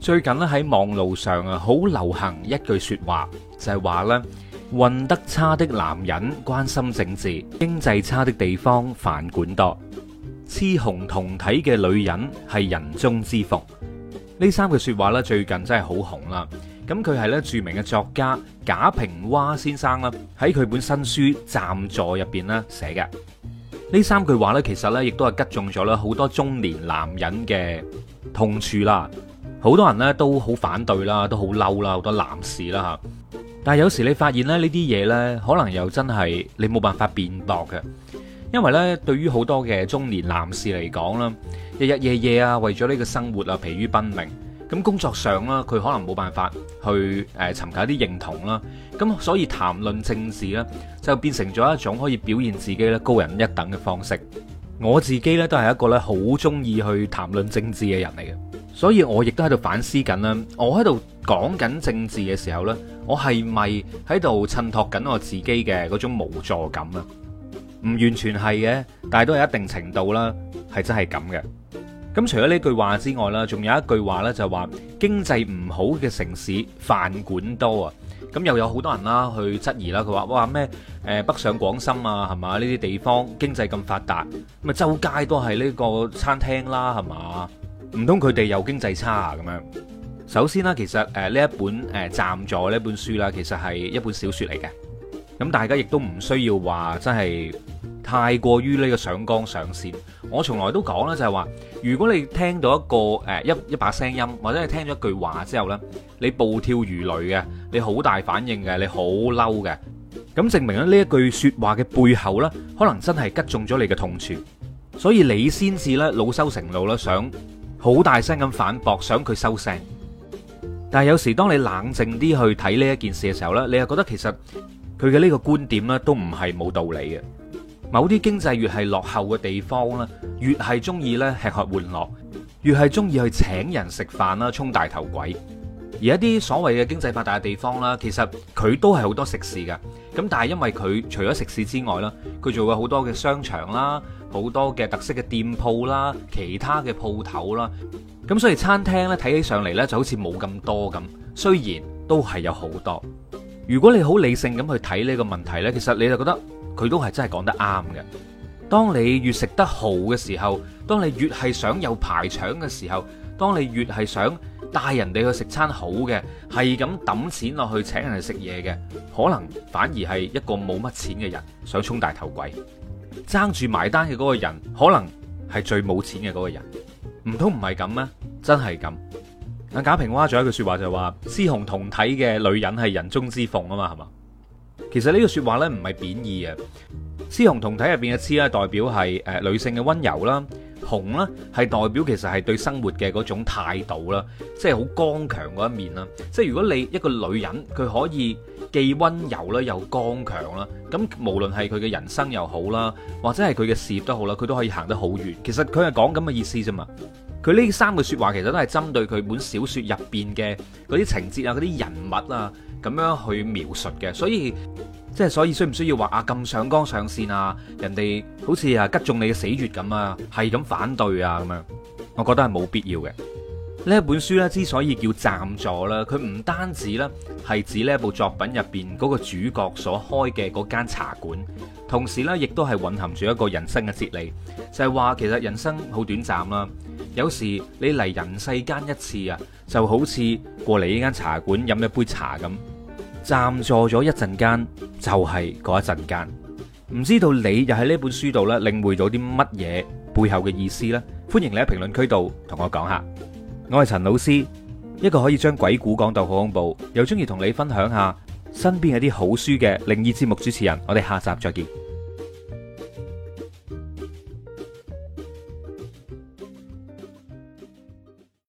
最近咧喺網路上啊，好流行一句說話，就係話咧混得差的男人關心政治，經濟差的地方飯館多，雌雄同體嘅女人係人中之鳳。呢三句說話咧，最近真係好紅啦。咁佢係咧著名嘅作家賈平凹先生啦，喺佢本新書《暫坐》入邊咧寫嘅。呢三句話咧，其實咧亦都係擊中咗咧好多中年男人嘅痛處啦。好多人咧，都好反對啦，都好嬲啦，好多男士啦吓。但係有時你發現咧呢啲嘢呢，可能又真係你冇辦法辯駁嘅。因為呢，對於好多嘅中年男士嚟講啦，日日夜夜啊，為咗呢個生活啊疲於奔命。咁工作上啦，佢可能冇辦法去誒尋求一啲認同啦。咁所以談論政治呢，就變成咗一種可以表現自己咧高人一等嘅方式。我自己呢，都係一個呢好中意去談論政治嘅人嚟嘅。所以我亦都喺度反思緊啦，我喺度講緊政治嘅時候呢，我係咪喺度襯托緊我自己嘅嗰種無助感啊？唔完全係嘅，但係都係一定程度啦，係真係咁嘅。咁除咗呢句話之外啦，仲有一句話呢，就話經濟唔好嘅城市飯館多啊。咁又有好多人啦去質疑啦，佢話哇咩誒北上廣深啊，係嘛，呢啲地方經濟咁發達，咁啊周街都係呢個餐廳啦，係嘛？唔通佢哋有經濟差啊？咁樣首先啦，其實誒呢一本誒暫坐呢本書啦，其實係一本小說嚟嘅。咁大家亦都唔需要話真係太過於呢個上綱上線。我從來都講啦，就係話如果你聽到一個誒一一把聲音或者係聽咗一句話之後呢，你暴跳如雷嘅，你好大反應嘅，你好嬲嘅，咁證明呢一句說話嘅背後呢，可能真係吉中咗你嘅痛處。所以你先至呢，老羞成怒啦，想。好大聲咁反駁，想佢收聲。但係有時，當你冷靜啲去睇呢一件事嘅時候呢，你又覺得其實佢嘅呢個觀點呢都唔係冇道理嘅。某啲經濟越係落後嘅地方呢，越係中意呢，吃喝玩樂，越係中意去請人食飯啦，充大頭鬼。而一啲所謂嘅經濟發達嘅地方啦，其實佢都係好多食肆㗎。咁但係因為佢除咗食肆之外啦，佢仲有好多嘅商場啦，好多嘅特色嘅店鋪啦，其他嘅鋪頭啦，咁所以餐廳呢，睇起上嚟呢就好似冇咁多咁，雖然都係有好多。如果你好理性咁去睇呢個問題呢，其實你就覺得佢都係真係講得啱嘅。當你越食得好嘅時候，當你越係想有排場嘅時候，當你越係想。帶人哋去食餐好嘅，係咁抌錢落去請人哋食嘢嘅，可能反而係一個冇乜錢嘅人想充大頭鬼，爭住埋單嘅嗰個人，可能係最冇錢嘅嗰個人。唔通唔係咁咩？真係咁。阿賈平凹仲有一句說話就話：雌雄同體嘅女人係人中之鳳啊嘛，係嘛？其實呢句說話呢，唔係貶義啊。雌雄同體入邊嘅雌咧代表係誒女性嘅温柔啦。紅，呢係代表其實係對生活嘅嗰種態度啦，就是，即係好剛強嗰一面啦。即係如果你一個女人，佢可以既溫柔啦又剛強啦，咁無論係佢嘅人生又好啦，或者係佢嘅事業都好啦，佢都可以行得好遠。其實佢係講咁嘅意思啫嘛。佢呢三個説話其實都係針對佢本小説入邊嘅嗰啲情節啊，嗰啲人物啊咁樣去描述嘅，所以。即係所以，需唔需要話啊咁上綱上線啊？人哋好似啊擊中你嘅死穴咁啊，係咁反對啊咁樣，我覺得係冇必要嘅。呢一本書咧之所以叫暫坐啦，佢唔單止咧係指呢一部作品入邊嗰個主角所開嘅嗰間茶館，同時呢，亦都係蘊含住一個人生嘅哲理，就係、是、話其實人生好短暫啦。有時你嚟人世間一次啊，就好似過嚟呢間茶館飲一杯茶咁，暫坐咗一陣間。就係嗰一陣間，唔知道你又喺呢本書度呢，領會到啲乜嘢背後嘅意思呢？歡迎你喺評論區度同我講下。我係陳老師，一個可以將鬼故講到好恐怖，又中意同你分享一下身邊嗰啲好書嘅靈異節目主持人。我哋下集再見。